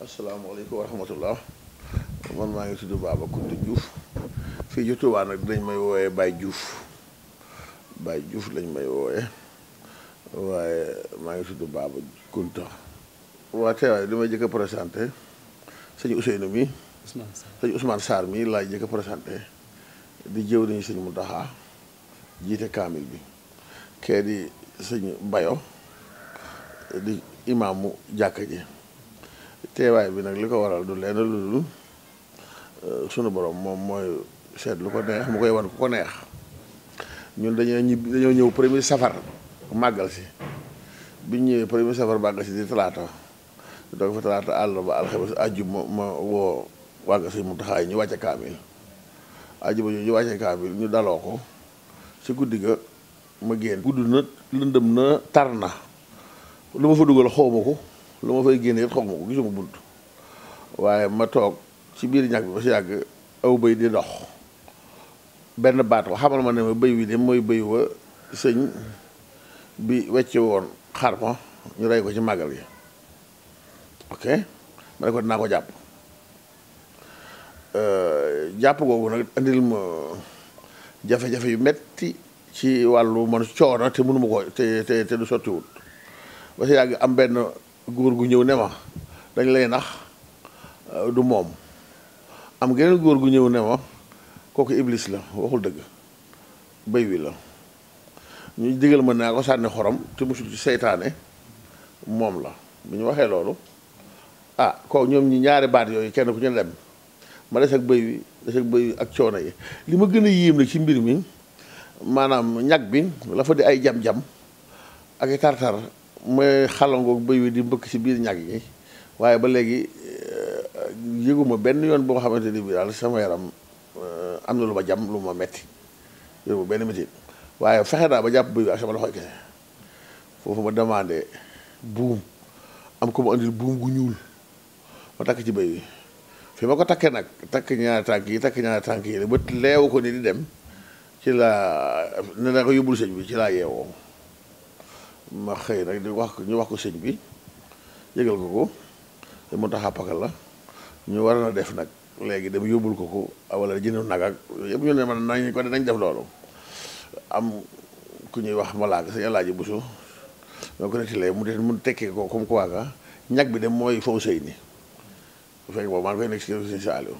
asalaamaaleykum wa rahmatullah man maa ngi tudd Baba Kounta Diouf fii ci Touba nag dañ may wooyee Baye juuf Baye Diouf lañ may wooyee waaye maa ngi tudd Baba Kounta waa teewaay li may jëkk a présenté sëñ Ousseynou mi sëñ Ousmane Sarr mi laay jëkk présenté di jëw nañu sëñ Mountakha jiite kaamil bi kee di sëñ Bayo di imaamu jàkka ji teewaay bi nag li ko waral du leen lu dul euh, sunu borom moom mooy seet lu ko neex mu koy wan ku ko neex ñun dañoo ñibbi dañoo ñëw premier safar màggal si biñ ñëwee premier safar màggal si di talaata doog fa talaata àll ba alxames àjjuma ma woo wàgga si mu taxaay ñu wàcce kaamil àjjuma ñu wàcce kaamil ñu daloo ko ci guddi ga ma génn gudd na lëndëm na tar na lu ma fa dugal xaw ko lu ma fay génne xaw ko gisuma bunt waaye ma toog ci biir ñag bi ba si yàgg aw bëy di dox benn baat ko xamal ma ne ma bëy wi de mooy bëy wa sëñ bi wecce woon xar ñu rey ko ci màggal gi ok ma ne ko dinaa ko jàpp euh, jàpp googu nag andil ma jafe-jafe yu metti ci wàllu man coono te mënuma ko te te te du sottiwut ba si yàgg am benn góor gu ñëw ne ma dañ lay nax euh, du moom am geneen góor gu ñëw ne ma kooku iblis la waxul dëgg béy wi la ñu digal ma naa ko sànni xorom te musul ci seytaane moom la bu ñu waxee loolu ah ko ñoom ñi ñaari baat yooyu kenn ku ñu dem ma des ak bëy wi des ak bëy wi ak coono yi li ma gën a yéem la ci mbir mi maanaam ñag bi la fa di ay jam-jam ak i tartar mooy xalangoog bëy wi di mbëkk ci biir ñag yi waaye ba léegi eh, yëguma benn yoon boo xamante ni bi daal sama yaram eh, am na lu ma jam lu ma metti yëguma benn métti waaye fexe naa ba jàpp bëy wi ak sama loxoy kese foofu ma demandé buum am ko ma andil buum gu ñuul ma takk ci bëy wi fi ma ko takkee nag takk ñaari tànk yi takk ñaari tànk yi ba leewu ko ni di dem ci laa ne na ko yóbbul sëñ bi ci laa yeewoo ma xëy nag di wax ñu wax ko sëñ bi yëgal ko ko te mu tax pakal la ñu war na def nag léegi dem yóbbul ko ko wala jënd nag ak yëpp ñu ne ma nañ ko dinañ def loolu am ku ñuy wax malaaka sëñ Alaaji Buso ñoo ko nettalee mu mu tekki ko comme quoi que ñag bi dem mooy faw sëy ni bu fekkee boobu maa koy nekk si kër Saaliw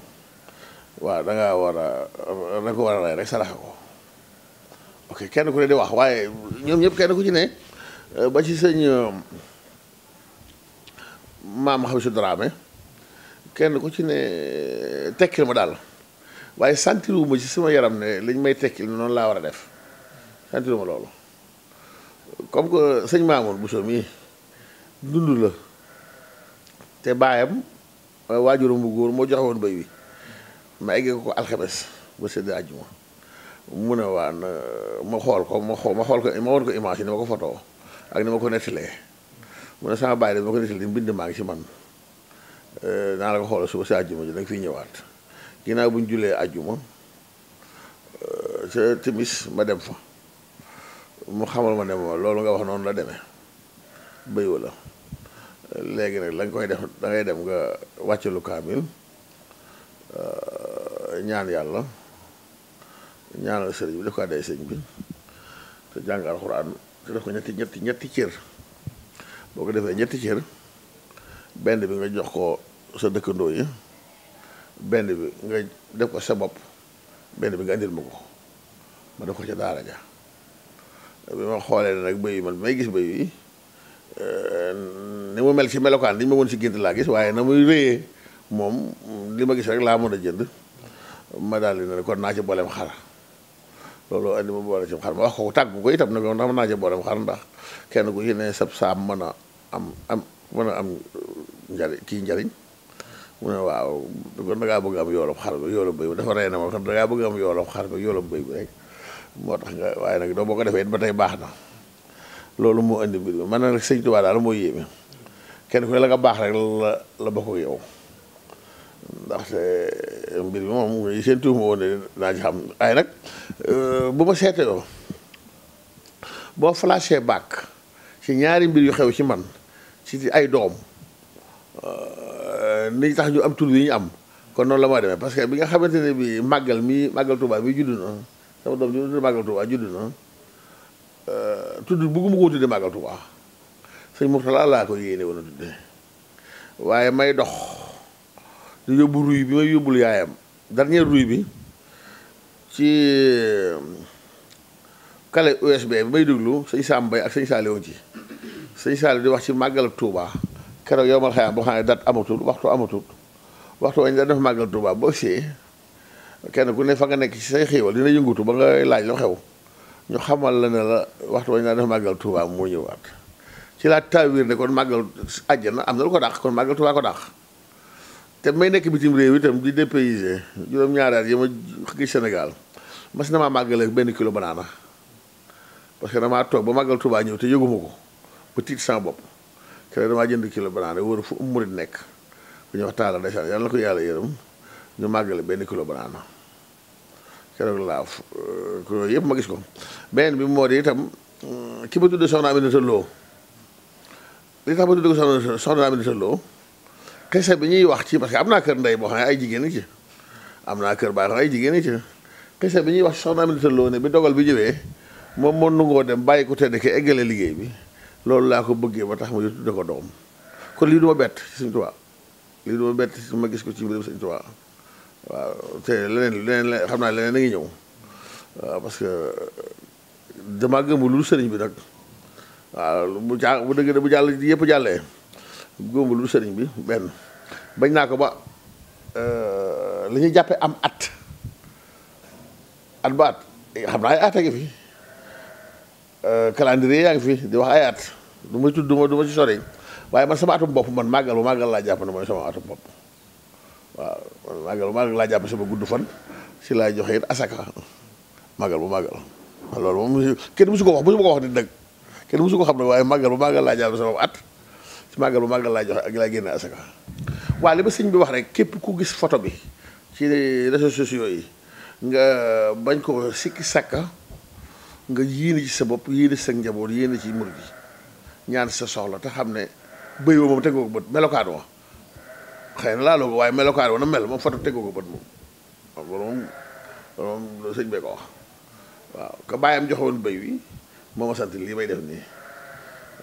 waaw da ngaa war a da ko war a rey rek saraxe ko ok kenn ku ne di wax waaye ñoom ñëpp kenn ku ci ne eh, ba ci sëñ eh, maam xam si Dramé kenn ku ci ne eh, tekkil ma daal waaye sentiruma ci sama yaram ne liñ may tekkil noonu laa war a def sentiruma loolu comme que sëñ Maamoon Bousso mii dund la te baayam waajuram bu góor moo joxe woon béy wi ma eggee ko alxames ba sedd àjjuma mun ne waa ma xool ko ma xool xool ko ma woon ko image ni ma ko foto ak ni ma ko nettalee mu ne sama bàyyi de ma ko nettalee mbind maa ngi ci man euh, naa la ko xoolal suba si àjjuma ji da nga fiy ñëwaat ginnaaw bu ñu jullee àjjuma euh, ca timis ma dem fa mu xamal ma ne ma loolu nga wax noonu la demee béyu la. léegi nag la nga koy def dangay ngay dem nga wàcce lu kaamil euh, ñaan yàlla ñaanal sëriñ bi def ko àddee sëriñ bi te jàng alxuraan te def ko ñetti ñetti ñetti cër boo ko defee ñetti cër benn bi nga jox ko sa dëkkandoo yi benn bi nga def ko sa bopp benn bi nga indil ma ko ma def ko ca daara ja bi ma xoolee nag bëy man may gis bëy yi ni mu mel ci melokaan li ñu ma woon si gént laa gis waaye na muy réyee moom li ma gis rek laa mën a jënd ma daal di ne kon naa ci boolem xar loolu ma boole ci xar ma wax ko tàggu ko itam ne ko kenn ku ci sab saam mën am mën a am njariñ kii njariñ mu ne waaw bëgg am yoolub xar bi yoolub dafa rey na ma kon bëgg am yoolub xar bi yoolub bëy moo tax nga nag doo boo ko defee it ba tey baax na loolu moo indi mbir mi man nag sëñ daal moo yéeme kenn ku ne la nga baax rek la la bokk ak yow ndaxte eh, mbir bi moom seen tuuma woon ne naa ci xam ay nag euh, bu ma seetloo boo flashé baak ci ñaari mbir yu xew ci man ci ay doom euh, ni tax ñu am tur wi ñu am kon noonu la ma demee parce que bi nga xamante ne bi màggal mi màggal Tuubaa mi judd na sama doom ju màggal Tuubaa judd na euh, tudd bugguma koo tudde màggal Tuubaa sëñ Mourtala laa ko yéene woon a tudde waaye may dox di yóbbu ruy bi may yóbbul yaayam dernier ruy bi ci euh, kale USB bi may déglu sëñ Sam Mbaye ak sëñ Saliou woon ci sëñ Saliou di wax ci màggal Touba keroog yow ma xayaam boo xam ne date amatul waxtu amatul waxtu wañ da def màggal Touba boo see kenn ku ne fa nga nekk ci say xiiwal dina yëngutu ba nga laaj lu xew ñu xamal la ne la waxtu wañ daa def màggal Touba moo ñëwaat ci laa taawir ne kon màggal àjjana am na lu ko dàq kon màggal Tuubaa ko dàq te may nekk bitim réew itam di dépaysé juróom-ñaari at yi ma benn kilo banaana ba màggal Tuubaa ñëw te yëguma ko ba tiit kilo banaana wóor fu nekk bu ñu wax taala ko yàlla yërëm ñu màggale benn kilo banaana keroog yëpp ma gis ko beneen bi moo di itam ki ma tuddee soxna Aminata Lo li tax ba tudd ko soxna soxna Aminata Lo xese bi ñuy wax ci parce que am naa kër ndey boo xam ne ay jigéen ci am naa kër baay jigéen ci xese bi ñuy wax soxna Aminata Lo ne bi dogal bi ñëwee moom moo nungoo dem bàyyi ko tedd ki eggale liggéey bi loolu laa ko bëggee ba tax ma ñu tudde ko doom kon lii du ma bett ci Sëñ Tuubaa lii du ma bett ci ma gis ko ci mbirum Sëñ Tuubaa waaw te leneen leneen xam naa leneen a ngi ñëw waaw parce que dama gëm lu sëriñ bi nag waaw bu jaa bu dëgg de bu jàll yëpp jàllee góobalu sëriñ bi benn bañ naa ko ba euh, li ñuy jàppee am at at ba at xam naa ay at a ngi fi euh, calendrier yaa ngi fi di wax ay at du ma tudd du ma du ma ci sori waaye man sama atum bopp man màggal bu màggal laa jàpp ne mooy sama atum bopp waaw laa jàpp sama gudd fan si laay joxe it asaka màggal bu màggal loolu moom kenn musu ko wax musu ko wax di dëgg. kenn mësu ko xam ne waaye màggal bu màggal laa laa joxe ak laa génne asaka waaw li ba sëñ bi wax rek képp ku gis photo bi ci réseaux sociaux yi nga bañ ko sikki sàkka nga yéene ci sa bopp yéene ci sa njaboot yéene ci mur gi ñaan sa soxla te xam ne bëy ba moom tegoo ko bët melokaan wa xëy na laaloo ko waaye melokaan wa na mel moom photo tegoo ko bët moom loolu moom sëñ bee ko wax waaw ka bàyyam joxewoon bëy wi moo ma sant lii may def nii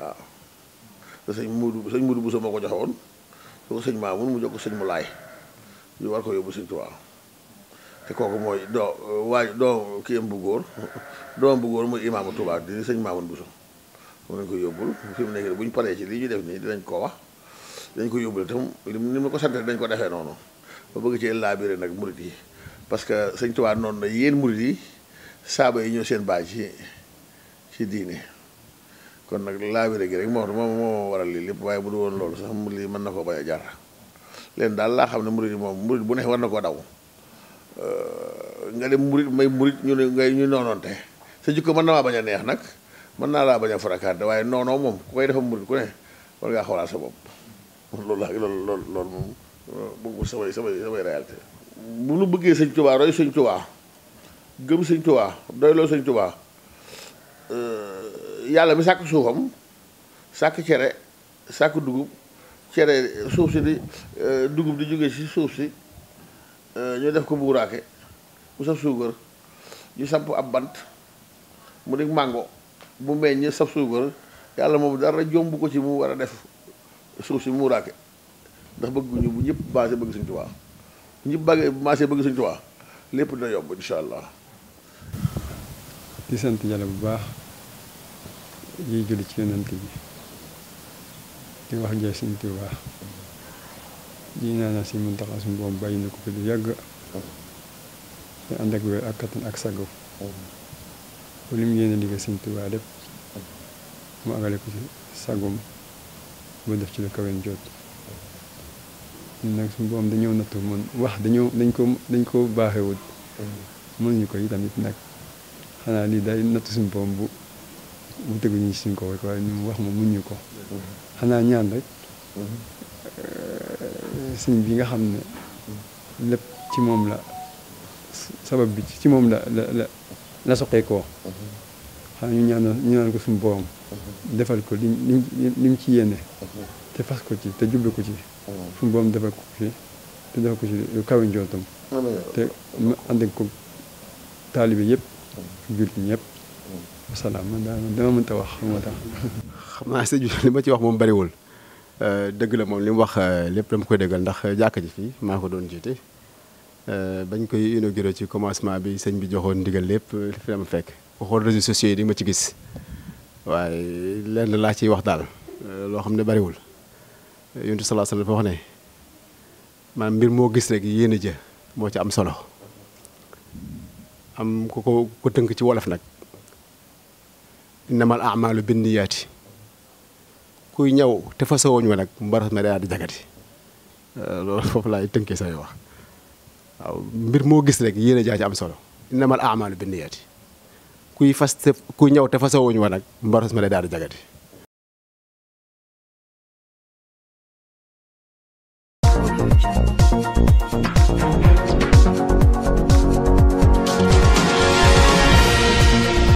waaw te sëñ Muudu sañ Muudu Bousso moo ko joxewoon su ko sëñ Maamun mu jox ko sëñ mu laay ñu war ko yóbbu sëñ Tuubaa te kooku mooy doo waay doo kii am bu góor doom bu góor mooy imaamu Tuubaa di sëñ Maamun Bousso moom lañ ko yóbbul fi mu nekk bu ñu paree ci lii ñu def nii dinañ koo wax dañ ko yóbbul itam ni ma ko sante dañ ko defee noonu ba bëgg ci laabiré nag murit yi parce que sëñ noonu na yéen murit yi saaba yi ñoo seen baaj yi ci diine kon nag laabire gi rek moo moom moo waral lii waaye bu du woon loolu sax mu lii na koo bañ a jar leen daal laa xam ne murid moom murid bu ne war na koo daw euh, nga dem murid may murid ñu ne ngay ñu noonoonte sa jikko mën na maa bañ a neex nag mën naa laa bañ a farakaat waaye noonoo moom ku koy defa murid ku ne war ngaa xoolaat sa bopp loolu laa loolu loolu loolu moom euh, bëgg samay samay samay réalité bu nu bëggee sëñ Tuubaa roy sëñ Tuubaa gëm sëñ Tuubaa doyloo sëñ Tuubaa Euh, yàlla bi sàkk suufam sàkk cere sàkk dugub cere suuf si di euh, dugub di jógee si suuf si euh, ñu def ko buuraake mu saf suukar ñu samp ab bant mu di màngo mu meññ saf suukar yàlla moom dara jomb ko ci mu war a def suuf si muuraake ndax bëgguñu bu ñëpp maasee bëgg Sëñ Tuubaa bu ñëpp bëggee maasee bëgg Sëñ Tuubaa lépp dina yomb incha allah di sant yàlla bu baax yiy julli ci yonent bi di wax jee suñ Tuubaa ji naa na si mun taxa suñu boom bàyyi na ko fi lu yàgg te ànd ak wér ak kattan ak sago bu lim yéene liggéey suñ Tuubaa lépp def ci lu kawen jot ñun nag suñu boom dañoo nattu mën wax dañoo dañ ko dañ ko baaxewut mënuñu ko yi tamit nag xanaa lii day natt suñu boom bu bu teguñu ci suñu kaw waaye ñu wax ma mun ñu ko xanaa ñaan rek eh, sëñ bi nga xam ne lépp ci moom la sabab bi ci moom la la soqee koo xanaa ñu ñaan ñaan ko suñu borom defal ko li li mu ci yéene te fas ko ci te jublu ko ci suñu borom defal ko ci te defal ko ci lu kawe njortam te ànd ko taalibe yëpp jullit ñëpp. asalaam man daal dama mënta wax moo tax. xam naa sëñ bi li ma ci wax moom bariwul euh, dëgg la moom li mu wax euh, lépp dama koy dëggal ndax jàkka ji fii maa ko doon jiite euh, bañ koy inauguré ci commencement bi sëñ bi joxoon ndigal lépp li fi dama fekk. xool réseaux sociaux yi di ma ci gis waaye lenn laa ciy wax daal loo xam ne bariwul yonent sallallahu dafa wax ne maanaam mbir moo gis rek yéen a jë moo ci am solo. am ko ko tënk ci wolof nag innamal amalu binniyaati kuy ñaw te fa sawooñ wa nag mbaras ma dayaa di jagati eh, foofu laay tënkee say wax waaw mbir moo gis rek yéen a jaa ci am solo innamal amalu binniyaati kuy fas te kuy ñaw te fa sawooñ wa nag mbaras ma day daal di jagati